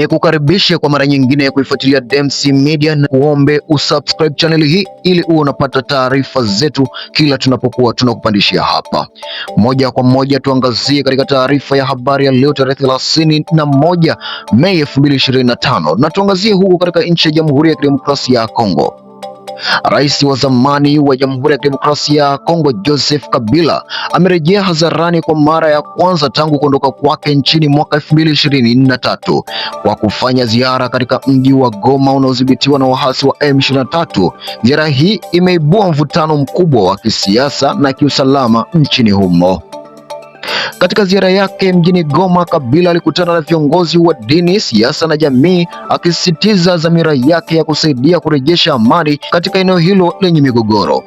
ni kukaribisha kwa mara nyingine ya kuifuatilia Dems Media na kuombe usubscribe channel hii ili uwe unapata taarifa zetu kila tunapokuwa tunakupandishia hapa. Moja kwa moja tuangazie katika taarifa ya habari ya leo tarehe 31 Mei 2025 na tuangazie huko katika nchi ya Jamhuri ya Kidemokrasia ya Kongo. Rais wa zamani wa Jamhuri ya Kidemokrasia ya Kongo Joseph Kabila amerejea hadharani kwa mara ya kwanza tangu kuondoka kwake nchini mwaka 2023 kwa kufanya ziara katika mji wa Goma unaodhibitiwa na waasi wa M23. Ziara hii imeibua mvutano mkubwa wa kisiasa na kiusalama nchini humo. Katika ziara yake mjini Goma, Kabila alikutana na viongozi wa dini, siasa na jamii, akisisitiza dhamira yake ya kusaidia kurejesha amani katika eneo hilo lenye migogoro.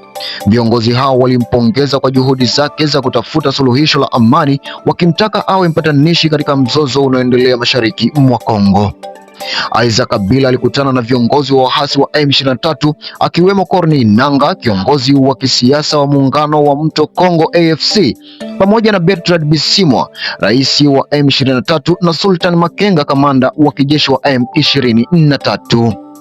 Viongozi hao walimpongeza kwa juhudi zake za kutafuta suluhisho la amani, wakimtaka awe mpatanishi katika mzozo unaoendelea mashariki mwa Kongo. Isaac Kabila alikutana na viongozi wa waasi wa M23 akiwemo corney nanga kiongozi wa kisiasa wa muungano wa Mto Kongo AFC, pamoja na Bertrand Bisimwa, rais wa M23 na Sultan Makenga, kamanda wa kijeshi wa M23.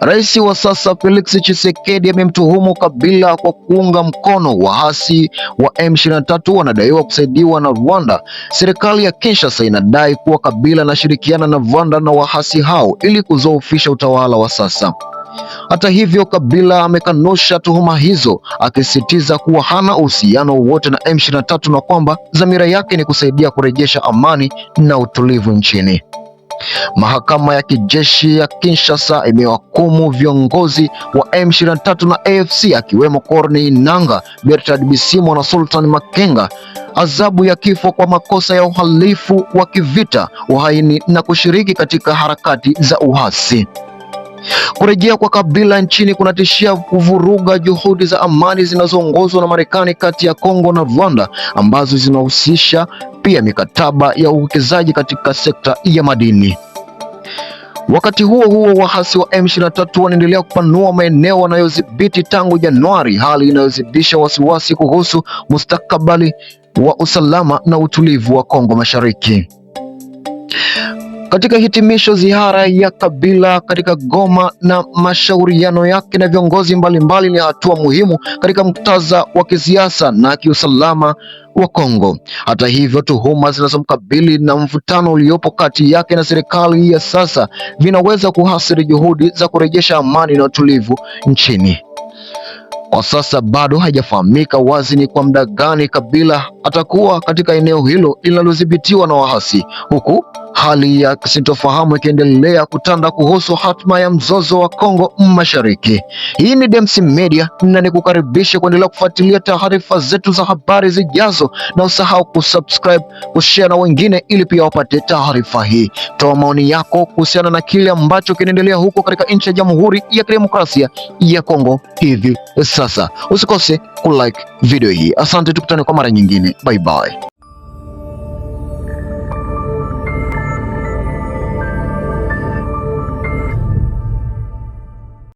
Rais wa sasa Felix Tshisekedi amemtuhumu Kabila kwa kuunga mkono waasi wa M23 wanadaiwa kusaidiwa na Rwanda. Serikali ya Kinshasa inadai kuwa Kabila anashirikiana na Rwanda na waasi hao ili kuzoofisha utawala wa sasa. Hata hivyo, Kabila amekanusha tuhuma hizo, akisisitiza kuwa hana uhusiano wowote na M23 na kwamba dhamira yake ni kusaidia kurejesha amani na utulivu nchini. Mahakama ya kijeshi ya Kinshasa imewahukumu viongozi wa M23 na AFC akiwemo Corneille Nangaa, Bertrand Bisimwa na Sultan Makenga adhabu ya kifo kwa makosa ya uhalifu wa kivita, uhaini na kushiriki katika harakati za uasi. Kurejea kwa Kabila nchini kunatishia kuvuruga juhudi za amani zinazoongozwa na Marekani kati ya Kongo na Rwanda ambazo zinahusisha pia mikataba ya uwekezaji katika sekta ya madini. Wakati huo huo, waasi wa M23 wanaendelea kupanua maeneo wanayodhibiti tangu Januari, hali inayozidisha wasiwasi kuhusu mustakabali wa usalama na utulivu wa Kongo Mashariki. Katika hitimisho ziara ya Kabila katika Goma na mashauriano yake na viongozi mbalimbali ni hatua muhimu katika muktadha wa kisiasa na kiusalama wa Kongo. Hata hivyo, tuhuma zinazomkabili na mvutano uliopo kati yake na serikali ya sasa vinaweza kuhasiri juhudi za kurejesha amani na utulivu nchini. Kwa sasa bado haijafahamika wazi ni kwa muda gani Kabila atakuwa katika eneo hilo linalodhibitiwa na waasi huku hali ya sintofahamu ikiendelea kutanda kuhusu hatma ya mzozo wa Kongo Mashariki. Hii ni Dems Media na nikukaribisha kuendelea kufuatilia taarifa zetu za habari zijazo, na usahau kusubscribe, kushare na wengine, ili pia wapate taarifa hii. Toa maoni yako kuhusiana na kile ambacho kinaendelea huko katika nchi ya Jamhuri ya Kidemokrasia ya Kongo hivi sasa. Usikose kulike video hii. Asante, tukutane kwa mara nyingine. Bye bye.